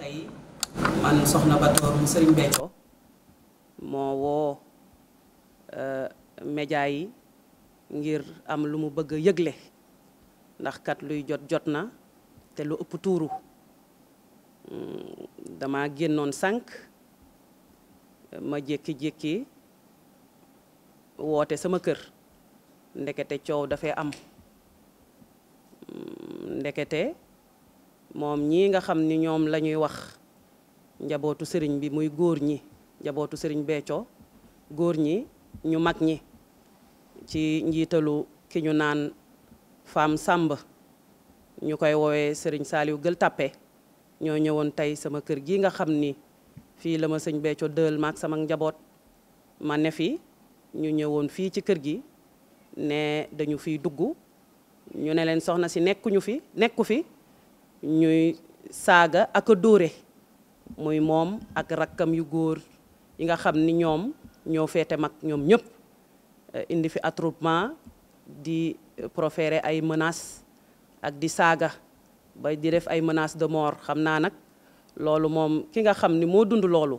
tey man soxna Batoor mu Sëriñ Béthio moo woo eh, média yi ngir am lu mu bëgg a yëgle ndax kat luy jot jot na te lu ëpp tuuru mm, dama génnoon sànq ma jékki-jékki woote sama kër ndekete coow dafay am mm, ndekete moom ñii nga xam ni ñoom la ñuy wax njabootu sëriñ bi muy góor ñi njabootu sëriñ Béthio góor ñi ñu mag ñi ci njiitalu ki ñu naan Fam Sàmb ñu koy woowee sëriñ Saaliw Gël Tàppe ñoo ñëwoon tey sama kër gi nga xam ni fii la ma sëñ Béthio dël maag sama njaboot ma ne fi ñu ñëwoon fii ci kër gi ne dañu fi dugg ñu ne len soxna si nekkuñu fi nekku fi ñuy saga ak a muy mom ak rakam yu goor yi nga xam ni ñoo fété mak ñom ñëpp eh, indi fi attroupement di proférer ay menaces ak di saga, bay di def ay menaces de mort xamna nak lolu mom ki nga xam ni dund lolu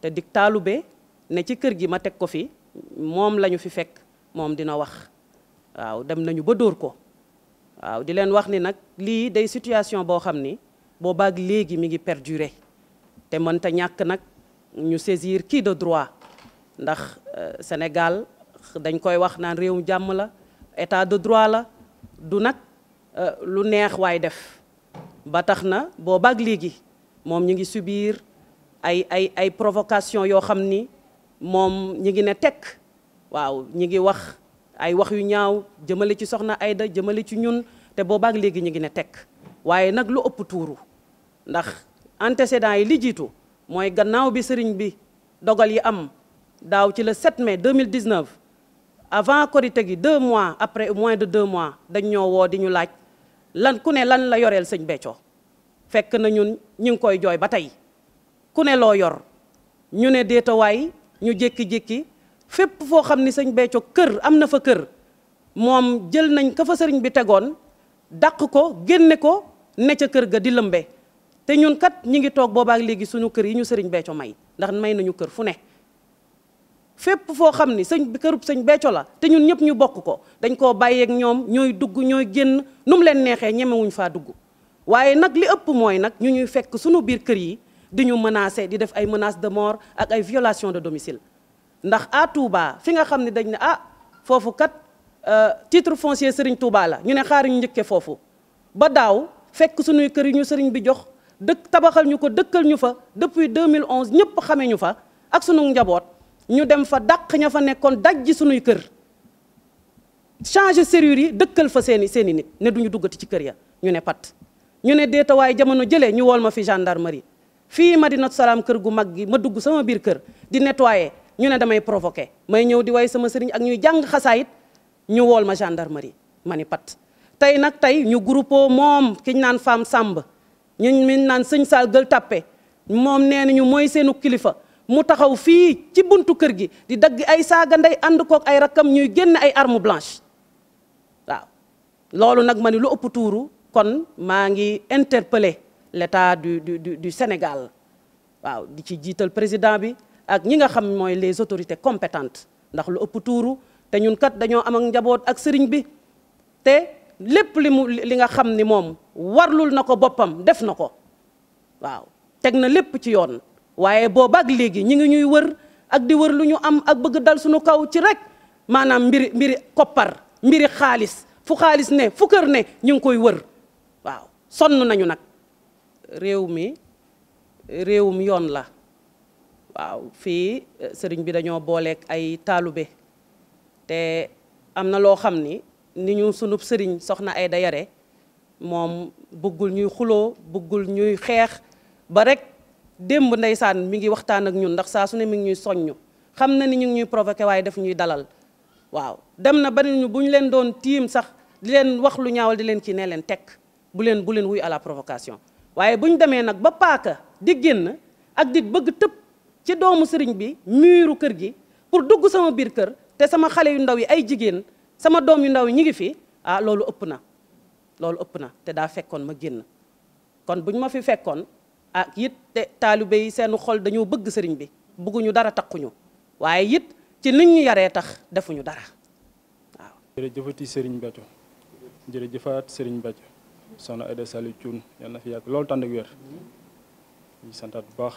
te dig taalube ne ci kër gi ma tek ko fi mom lañu fi fek mom dina wax waaw dem nañu ba dóor ko waaw di leen wax ni nag lii day situation boo xam ni boo boobaag léegi mi ngi perdurer te mënta ñàkk nag ñu saisir kii de droit ndax euh, Sénégal dañ koy wax naan réewum jàmm la état de droit la du nag euh, lu neex waay def ba tax na boo boobaag léegi moom ñu ngi subir ay ay ay provocation yoo xam ni moom ñi ngi ne tekk waaw ñi ngi wax ay wax yu ñaaw jëmale ci soxna Aida jëmale ci ñun te boobaak léegi ñu ngi ne tekk waaye nag lu ëpp tuuru ndax antécédents yi li jiitu mooy gannaaw bi sëriñ bi dogal yi am daaw ci le 7 mai 2019 avant Korité gi deux mois après moins de deux mois dañ ñoo woo di ñu laaj lan ku ne lan la yoreel sëñ Béthio fekk na ñun ñu ngi koy jooy ba tey ku ne loo yor ñu ne déetawaay ñu jékki-jékki fépp foo xam ni sañ Béthio kër am na fa kër moom jël nañ ko fa sëriñ bi tegoon daq ko génne ko ne ca kër ga di lëmbe te ñun kat ñi ngi toog boobaak léegi suñu kër yi ñu sëriñ Béthio may ndax may nañu kër fu ne fépp foo xam ni sëñ kërub sëñ Béthio la te ñun ñëpp ñu bokk ko dañ koo bàyyeek ñoom ñooy dugg ñooy génn nu mu leen neexee ñemewuñ faa dugg waaye nag li ëpp mooy nag ñu ñuy fekk suñu biir kër yi di ñu menacer di def ay menaces de mort ak ay violation de domicile ndax à Touba fi nga xam ne dañ ne ah foofu kat euh, titre foncier Serigne Touba la ñu ne xaar ñu njëkkee foofu ba daaw fekk suñuy kër yi ñu Serigne bi jox dëkk tabaxal ñu ko dëkkal ñu fa depuis 2011 ñëpp xamee ñu fa ak sunu njaboot ñu dem fa dàq ña fa nekkoon dajji sunuy kër changer serrure yi dëkkal fa seeni seeni nit ne duñu duggati ci kër ya ñu ne pat ñu ne deetawaay jamono jëlee ñu wool ma fi gendarmerie fii Madinatu Salaam kër gu mag gi ma dugg sama biir kër di nettoyer ñu ne damay provoquer may ñew di way sama serigne ak ñuy jang xassayit ñu wol ma gendarmerie mani pat tay nak tay ñu groupoo mom kiñ nan fam samb ñun min nan serigne sal geul tapé mom nee ñu moy senu kilifa mu taxaw fi ci buntu kër gi di dagg ay nday and ko ak ay rakam ñuy genn ay arme blanche waaw lolu nak mani lu upp touru kon maa ngi interpellé l'état du du du Sénégal waaw di ci jital président bi ak ñi nga xam mooy les autorités compétentes ndax lu ëpp tuuru te ñun kat dañoo am ak njaboot ak sëriñ bi te lépp li mu li nga xam ni moom warlul na ko boppam def na ko waaw teg na lépp ci yoon waaye boobaak léegi ñi ngi ñuy wër ak di wër lu ñu am ak bëgg dal suñu kaw ci rek maanaam mbiri mbiri koppar mbiri xaalis fu xaalis ne fu kër ne ñu ngi koy wër waaw sonn nañu nag réew mi réewum yoon la waaw fi eh, serigne bi dañoo booleeg ay taalube te amna lo xamni xam ni ni ñu sunub soxna ay dayare mom bëggul ñuy xulo bëggul ñuy xex ba rek demb ndeysaan mi ngi waxtaan ak ñun ndax sa su ne mi ngi ñuy soññu ni ñu ngi ñuy ñuy dalal waaw dem na ban ñu bu leen doon tiim sax di leen wax lu ñaawal di leen ci ne leen tekk bu leen bu leen wuy à la provocation waye bu démé nak ba paaka di génn ak di bëgg tepp ci doomu serigne bi muru kër gi pour dugg sama birker, kër te sama xalé yu ndaw yi ay jigen sama doom yu ndaw yi ñi ngi fi ah lolu na na te da fekkoon ma genn kon buñ ma fi fekkon ak yit te taalibe yi seenu xol dañu bëgg serigne bi bëgguñu dara takkuñu waye yit ci niñ ñu yaré tax defuñu dara waaw. jërëjëfati serigne Béthio jërëjëfaat sëriñ serigne soxna Aïda ade Thioune yàlla fi yak lolu tan ak wër ñu santat bu baax.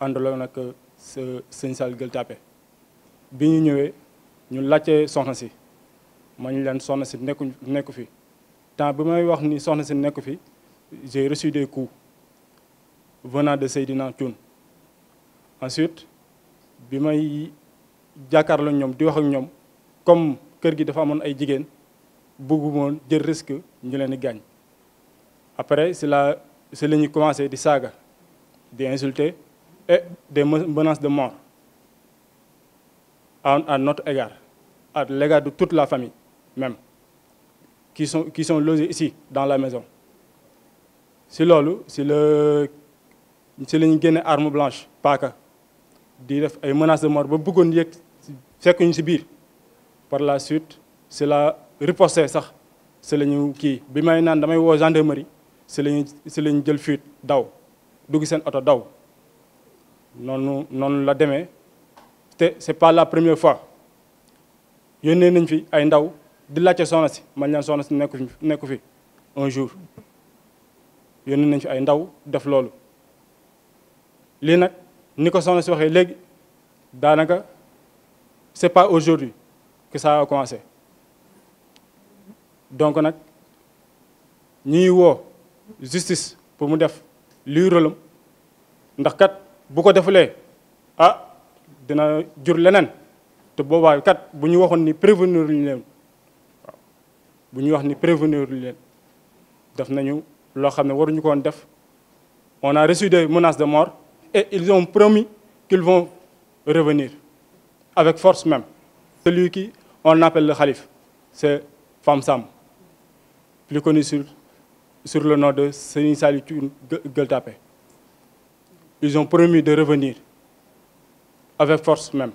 àndaloon nak sa sëñ Sall Gueule biñu ñëwé ñu ñëwee soxna si ma ñu soxna que je fi temps wax ni j'ai reçu des coups venant de Seydina ensuite bi jakarlo ñom di wax ak comme kër gi dafa amone ay jigéen bëggumoon jël risque ñu après c'est là c'est commencé di saga, di insulter et des menaces de mort à, à notre égard, à l'égard de toute la famille même, qui sont, qui sont logés ici, dans la maison. C'est loolu si le si la ñu arme blanche paaka di def ay menaces de mort ba bëggoon yëg fekk ñu si biir par la suite c'est la riposte sax si la ñu kii bi may naan damay woo gendarmerie c'est la c'est si la qui jël fuite daw dugg seen oto daw non non la non, non, c'est pas la première fois non, non, fi ay ndaw di non, non, non, man non, non, non, un jour non, non, fi ay ndaw def non, non, non, non, non, non, c'est pas aujourd'hui que ça a commencé donc on ñuy non, justice pour mu buko ko a ah dina jur leneen te kat buñu ni prévenir ñu buñu wax ni on a reçu des menaces de mort et ils ont promis qu'ils vont revenir avec force même celui qui on appelle le khalif, c'est Famsam, plus connu sur le nom de Serigne Gueltapé ils ont promis de revenir, avec force même.